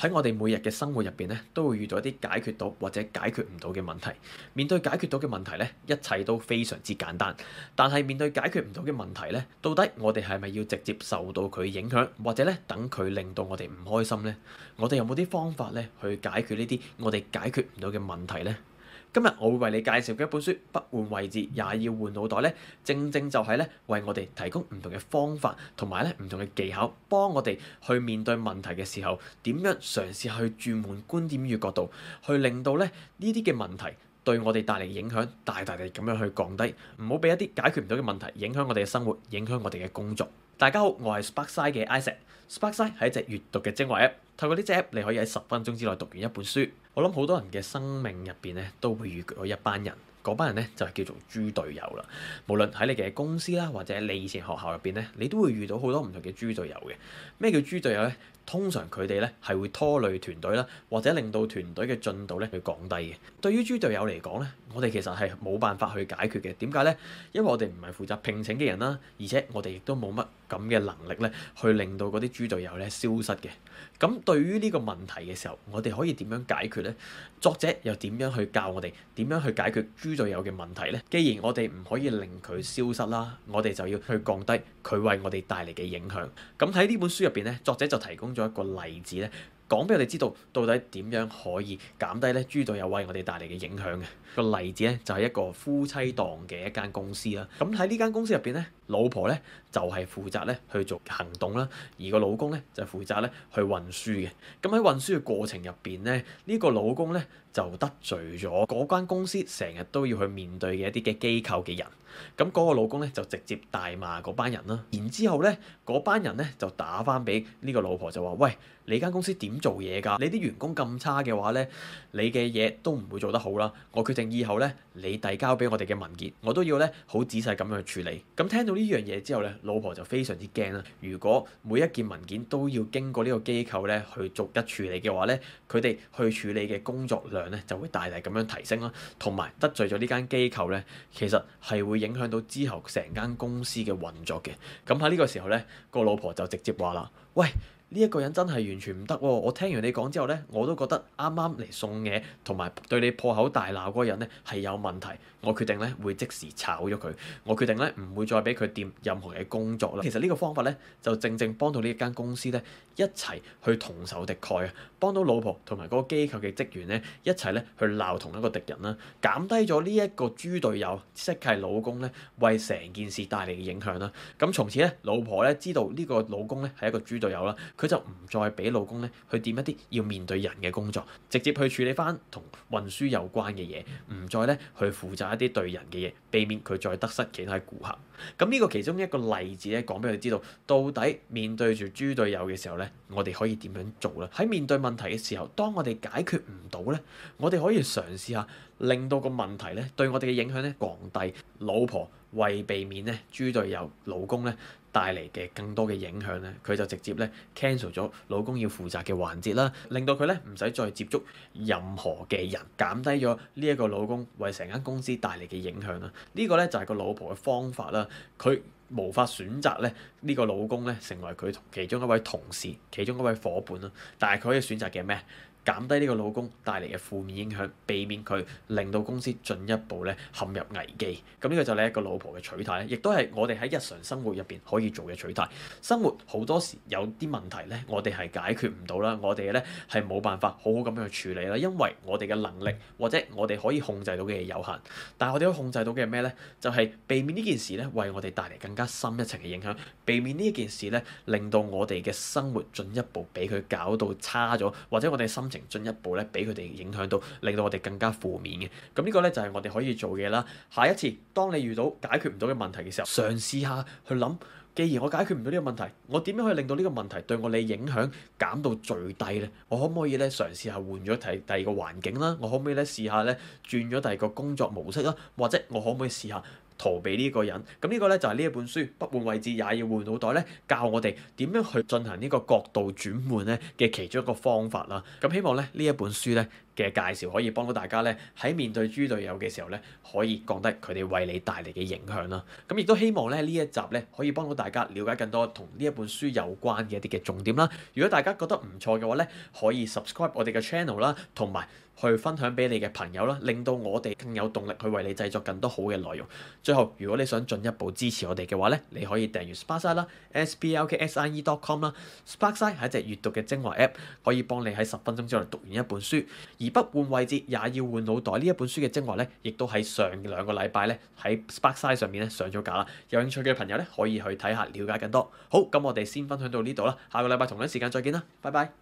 喺我哋每日嘅生活入邊咧，都會遇到一啲解決到或者解決唔到嘅問題。面對解決到嘅問題咧，一切都非常之簡單。但係面對解決唔到嘅問題咧，到底我哋係咪要直接受到佢影響，或者咧等佢令到我哋唔開心咧？我哋有冇啲方法咧去解決呢啲我哋解決唔到嘅問題咧？今日我會為你介紹嘅一本書《不換位置也要換腦袋》咧，正正就係咧為我哋提供唔同嘅方法同埋咧唔同嘅技巧，幫我哋去面對問題嘅時候，點樣嘗試去轉換觀點與角度，去令到咧呢啲嘅問題對我哋帶嚟影響大大地咁樣去降低，唔好俾一啲解決唔到嘅問題影響我哋嘅生活，影響我哋嘅工作。大家好，我係 SparkSide 嘅 Isaac，SparkSide 係一隻閱讀嘅精華 App，透過呢隻 App 你可以喺十分鐘之內讀完一本書。我諗好多人嘅生命入邊咧，都會遇到一班人，嗰班人咧就係叫做豬隊友啦。無論喺你嘅公司啦，或者你以前學校入邊咧，你都會遇到好多唔同嘅豬隊友嘅。咩叫豬隊友咧？通常佢哋咧係會拖累團隊啦，或者令到團隊嘅進度咧去降低嘅。對於豬隊友嚟講咧，我哋其實係冇辦法去解決嘅。點解呢？因為我哋唔係負責聘請嘅人啦，而且我哋亦都冇乜咁嘅能力咧，去令到嗰啲豬隊友咧消失嘅。咁對於呢個問題嘅時候，我哋可以點樣解決呢？作者又點樣去教我哋點樣去解決豬隊友嘅問題呢？既然我哋唔可以令佢消失啦，我哋就要去降低佢為我哋帶嚟嘅影響。咁喺呢本書入邊呢，作者就提供。做一個例子咧，講俾我哋知道到底點樣可以減低咧豬隊友為我哋帶嚟嘅影響嘅。個例子咧就係、是、一個夫妻檔嘅一間公司啦。咁喺呢間公司入邊咧，老婆咧就係、是、負責咧去做行動啦，而老呢、就是這個老公咧就負責咧去運輸嘅。咁喺運輸嘅過程入邊咧，呢個老公咧就得罪咗嗰間公司成日都要去面對嘅一啲嘅機構嘅人。咁嗰個老公呢就直接大罵嗰班人啦，然之後呢，嗰班人呢，就打返俾呢個老婆就話：喂，你間公司點做嘢㗎？你啲員工咁差嘅話呢，你嘅嘢都唔會做得好啦。我決定以後呢，你遞交俾我哋嘅文件，我都要呢好仔細咁樣去處理。咁聽到呢樣嘢之後呢，老婆就非常之驚啦。如果每一件文件都要經過呢個機構呢去逐一處理嘅話呢，佢哋去處理嘅工作量呢，就會大大咁樣提升啦，同埋得罪咗呢間機構呢，其實係會影影響到之後成間公司嘅運作嘅，咁喺呢個時候呢，個老婆就直接話啦：喂！呢一個人真係完全唔得喎！我聽完你講之後呢，我都覺得啱啱嚟送嘢同埋對你破口大鬧嗰個人呢係有問題。我決定呢會即時炒咗佢，我決定呢唔會再俾佢掂任何嘅工作啦。其實呢個方法呢，就正正幫到呢一間公司呢一齊去同仇敵愾啊，幫到老婆同埋嗰個機構嘅職員呢一齊呢去鬧同一個敵人啦，減低咗呢一個豬隊友即係老公呢，為成件事帶嚟嘅影響啦。咁從此呢，老婆呢知道呢個老公呢係一個豬隊友啦。佢就唔再俾老公咧去掂一啲要面對人嘅工作，直接去處理翻同運輸有關嘅嘢，唔再咧去負責一啲對人嘅嘢，避免佢再得失其他顧客。咁呢個其中一個例子咧，講俾佢知道，到底面對住豬隊友嘅時候咧，我哋可以點樣做咧？喺面對問題嘅時候，當我哋解決唔到咧，我哋可以嘗試下令到個問題咧對我哋嘅影響咧降低。老婆為避免咧豬隊友老公咧，帶嚟嘅更多嘅影響咧，佢就直接咧 cancel 咗老公要負責嘅環節啦，令到佢咧唔使再接觸任何嘅人，減低咗呢一個老公為成間公司帶嚟嘅影響啦。這個、呢個咧就係、是、個老婆嘅方法啦。佢無法選擇咧呢、這個老公咧成為佢其中一位同事、其中一位伙伴啦，但係佢可以選擇嘅咩？減低呢個老公帶嚟嘅負面影響，避免佢令到公司進一步咧陷入危機。咁呢個就係一個老婆嘅取態，亦都係我哋喺日常生活入邊可以做嘅取態。生活好多時有啲問題咧，我哋係解決唔到啦，我哋咧係冇辦法好好咁樣去處理啦，因為我哋嘅能力或者我哋可以控制到嘅嘢有限。但係我哋可以控制到嘅係咩咧？就係、是、避免呢件事咧為我哋帶嚟更加深一層嘅影響，避免呢一件事咧令到我哋嘅生活進一步俾佢搞到差咗，或者我哋心情。進一步咧，俾佢哋影響到，令到我哋更加負面嘅。咁呢個咧就係我哋可以做嘅啦。下一次，當你遇到解決唔到嘅問題嘅時候，嘗試下去諗，既然我解決唔到呢個問題，我點樣可以令到呢個問題對我哋影響減到最低咧？我可唔可以咧嘗試下換咗第第二個環境啦？我可唔可以咧試下咧轉咗第二個工作模式啦？或者我可唔可以試下逃避呢個人，咁呢個呢就係呢一本書不換位置也要換腦袋呢教我哋點樣去進行呢個角度轉換呢嘅其中一個方法啦。咁希望呢呢一本書呢嘅介紹可以幫到大家咧，喺面對豬隊友嘅時候咧，可以降低佢哋為你帶嚟嘅影響啦。咁亦都希望咧呢一集咧可以幫到大家了解更多同呢一本書有關嘅一啲嘅重點啦。如果大家覺得唔錯嘅話咧，可以 subscribe 我哋嘅 channel 啦，同埋去分享俾你嘅朋友啦，令到我哋更有動力去為你製作更多好嘅內容。最後，如果你想進一步支持我哋嘅話咧，你可以訂閱 Sparksine 啦，s p a r k s i n e dot com 啦。Sparksine 係一隻閲讀嘅精華 app，可以幫你喺十分鐘之內讀完一本書而不換位置也要換腦袋。呢一本書嘅精華呢，亦都喺上兩個禮拜呢，喺 Sparkside 上面呢，上咗架啦。有興趣嘅朋友呢，可以去睇下，了解更多。好，咁我哋先分享到呢度啦。下個禮拜同樣時間再見啦，拜拜。